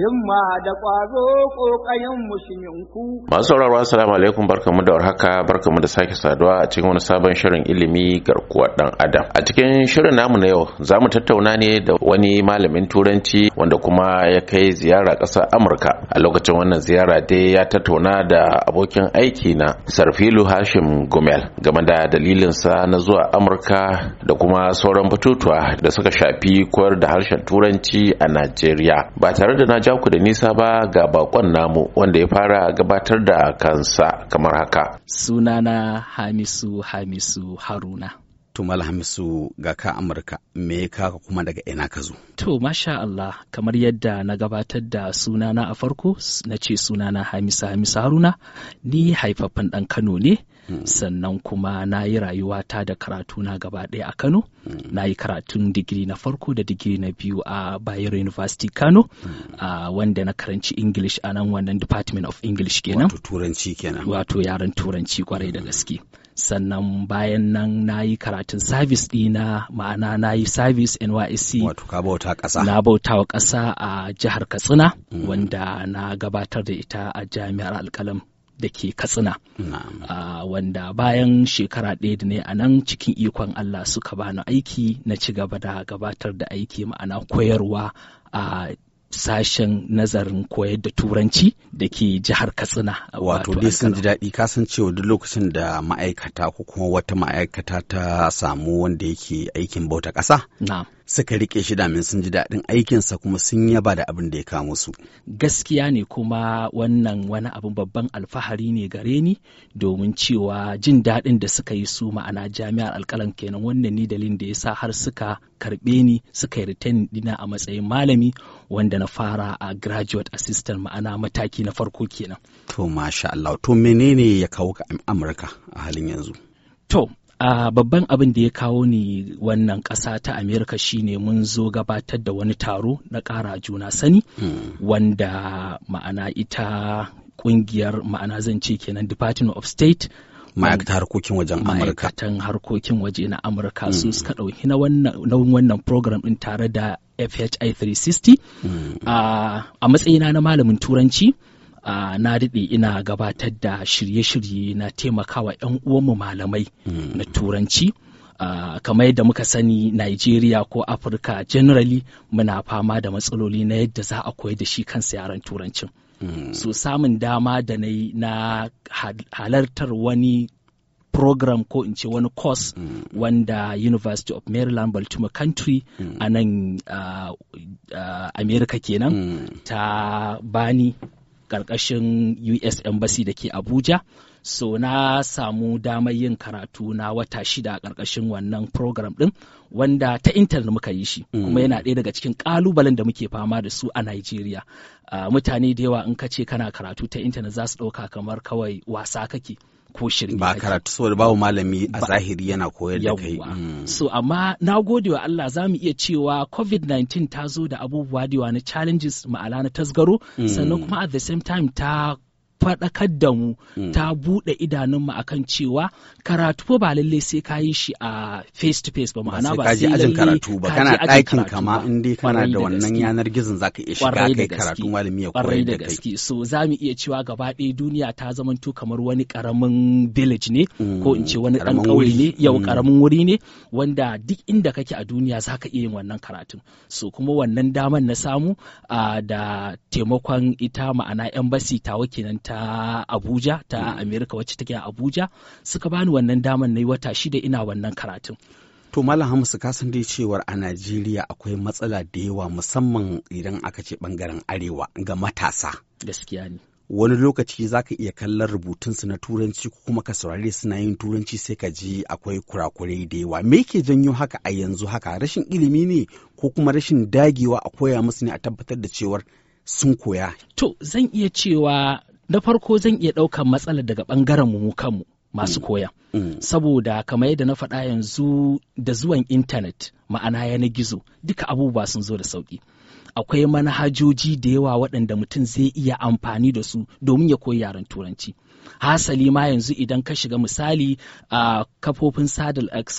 himma da ƙwazo ƙoƙayen Masu sauraro assalamu alaikum barkamu da warhaka barkamu da sake saduwa a cikin wani sabon shirin ilimi garkuwar ɗan adam. A cikin shirin namu na yau za mu tattauna ne da wani malamin turanci wanda kuma ya kai ziyara ƙasar Amurka. A lokacin wannan ziyara dai ya tattauna da abokin aiki na Sarfilu Hashim Gumel game da dalilinsa na zuwa Amurka da kuma sauran batutuwa da suka shafi koyar da harshen turanci a Najeriya ba tare da na ja ku da nisa ba ga bakon namu wanda ya fara gabatar da kansa kamar haka. Sunana Hamisu Hamisu Haruna. Tumal Hamisu ga ka Amurka me ka kuma daga ina ka zo? To masha Allah kamar yadda na gabatar da sunana a farko na ce sunana Hamisu Hamisu Haruna ni haifaffen ɗan Kano ne sannan kuma na yi rayuwata da karatu na gaba ɗaya a Kano na yi karatun digiri na farko da digiri na biyu a Bayero University Kano wanda na karanci English a nan wannan Department of English kenan wato turanci kenan wato yaran turanci kwarai da gaske sannan bayan nan na yi karatun service ɗina ma'ana na yi service nysc wato ka bauta ƙasa na bauta wa ƙasa a jihar katsina mm. wanda na gabatar da ita a jami'ar alƙalam da ke katsina ah, wanda bayan shekara ɗaya da ne a nan cikin ikon Allah suka bani aiki na ci gaba da gabatar da aiki ma'ana koyarwa a sashen nazarin koyar da turanci da ke jihar katsina wato dai sun ji daɗi kasan cewa duk lokacin da ma'aikata ko kuma wata ma'aikata ta samu wanda yake aikin bauta ƙasa suka rike shi damin sun ji daɗin aikinsa kuma sun yaba da abin da ya kamo su. Gaskiya ne kuma wannan wani abin babban alfahari ne gare ni domin cewa jin daɗin da suka yi su ma'ana jami'ar alƙalan kenan wannan ni dalilin da ya sa har suka karɓe ni suka yi retain dina a matsayin malami wanda na fara a graduate assistant ma'ana mataki na farko kenan. To masha Allah to menene ya kawo ka Amurka a halin yanzu? To Uh, babban abin da ya kawo ni wannan ƙasa ta amerika shine mun zo gabatar da wani taro na ƙara juna sani hmm. wanda ma'ana ita ƙungiyar ma'ana zan ce kenan department of state ma'aikatan harkokin wajen amurka ma'aikatan harkokin waje na amurka su hmm. suka ɗauki na wannan program ɗin tare da fhi 360 hmm. a matsayina na malamin turanci na daɗe ina gabatar da shirye-shirye na taimakawa 'yan uwanmu malamai hmm. na turanci uh, kamar yadda muka sani Nigeria ko Afirka generally muna fama da matsaloli na yadda za a koyar da shi kansa yaran turancin mm. so samun dama da na na halartar wani program ko in ce wani course mm. wanda University of Maryland Baltimore Country mm. a nan uh, uh, America kenan mm. ta bani ƙarƙashin US Embassy da ke Abuja. So na samu damar yin karatu na wata shida a ƙarƙashin wannan program ɗin wanda ta intanet muka yi shi mm. kuma yana ɗaya daga cikin ƙalubalen da muke fama da su a Najeriya. Uh, ah, mutane da yawa in ka ce kana karatu ta intanet za su ɗauka kamar kawai wasa kake. ko shirme ba karatu saboda babu malami a zahiri yana koyar da kai mm. so amma na gode wa Allah za mu iya cewa covid-19 ta zo da abubuwa da na challenges ma'ala na tasgaro mm. sannan kuma at the same time ta faɗakar da mu hmm. ta buɗe idanunmu akan cewa karatu ba lalle sai ka yi shi a face to face ba ma'ana ba sai ajin karatu ba kana ɗakin kama in dai kana da wannan yanar gizon ka iya shiga kai karatu malami ya koyar da kai so za mu iya cewa gaba ɗaya duniya ta to kamar wani karamin village ne ko in ce hmm, wani ɗan ƙauye ne yau karamin hmm. wuri ne wanda duk inda kake a duniya zaka iya yin wannan karatun so kuma wannan daman na samu ah, da taimakon ita ma'ana embassy tawa kenan ta ta Abuja ta mm. Amerika wacce take a Abuja suka bani wannan daman na yi wata shida ina wannan karatun. To Malam Hamisu ka san dai cewar a Najeriya akwai matsala da yawa musamman idan aka ce bangaren arewa ga matasa. Gaskiya ne. Wani lokaci za ka iya kallon rubutunsu na turanci ko kuma ka saurare suna yin turanci sai ka ji akwai kurakurai da yawa. Me yake janyo haka a yanzu haka rashin ilimi ne ko kuma rashin dagewa a koya musu ne a tabbatar da cewar sun koya? To zan iya cewa na farko zan iya ɗaukan matsalar daga ɓangaren mu kanmu masu mm. koya mm. saboda kamar yadda na faɗa yanzu da zuwan intanet ma'ana na gizo duka abubuwa sun zo da sauƙi akwai manhajoji da yawa waɗanda mutum zai iya amfani da su domin ya koyi yaren turanci hasali ma yanzu idan ka shiga misali a kafofin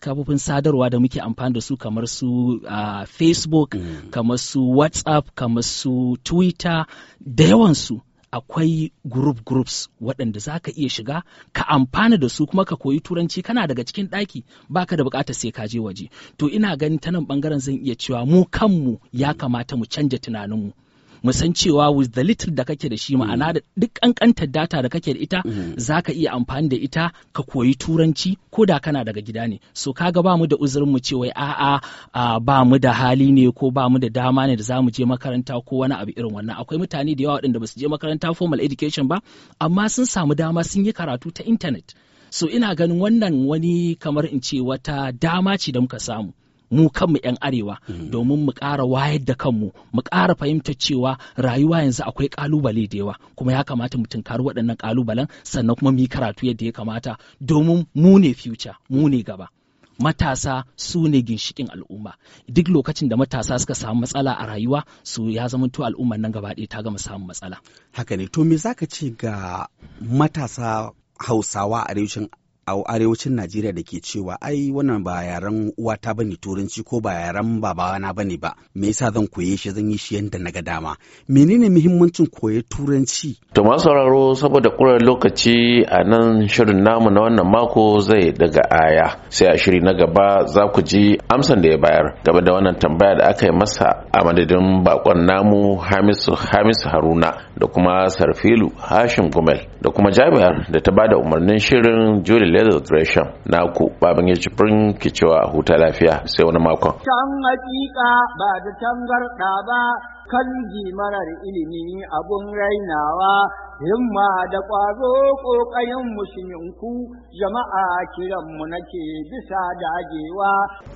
kafofin sadarwa da muke amfani da su kamar su facebook mm. kamar su whatsapp kamar su twitter da yawansu akwai group groups waɗanda za ka iya shiga ka amfana da su kuma ka koyi turanci kana daga cikin ɗaki baka da bukatar sai ka je waje to ina ganin ta nan ɓangaren zan iya cewa mu kanmu ya kamata mu canja tunaninmu mu san cewa with the little da kake da shi mm. ma'ana da duk kankantar data da kake da ita mm. zaka iya amfani da ita ka koyi turanci ko da kana daga gida ne so kaga ba mu da uzurin mu cewa a'a ba mu da hali ne ko ba mu da dama ne da za mu je makaranta ko wani abu irin wannan akwai mutane da yawa waɗanda ba su je makaranta formal education ba amma sun samu dama sun yi karatu ta intanet so ina ganin wannan wani kamar in ce wata dama ce da muka samu mu kanmu 'yan arewa mm. domin mu ƙara wayar da kanmu mu ƙara fahimtar cewa rayuwa yanzu akwai ƙalubale da yawa kuma ya kamata mu tunkari waɗannan ƙalubalen sannan kuma mu yi karatu yadda ya kamata domin mu ne future mu ne gaba matasa su ne ginshikin al'umma duk lokacin da matasa suka samu matsala a rayuwa su ya zama zamanto al'ummar nan gaba ɗaya ta gama samun matsala haka ne to me zaka ce ga matasa hausawa a arewacin a arewacin Najeriya da ke cewa ai wannan ba yaren uwata bane turanci ko ba yaren babana bane ba me yasa zan koye shi zan yi shi yanda na ga dama menene muhimmancin koye turanci to masu sauraro saboda kura lokaci a nan shirin namu na wannan mako zai daga aya sai a shiri na gaba za ku ji amsan da ya bayar game da wannan tambaya da aka yi masa a madadin bakon namu Hamisu Hamisu Haruna da kuma Sarfilu Hashim Gumel da kuma Jami'ar da ta bada umarnin shirin Julie Lelo Dresham na ku baban ya ci ki cewa huta lafiya sai wani makon. Can hakika ba da tangarɗa ba kan marar ilimi abun rainawa himma da ƙwazo ƙoƙarin musulminku jama'a kiranmu nake bisa dagewa.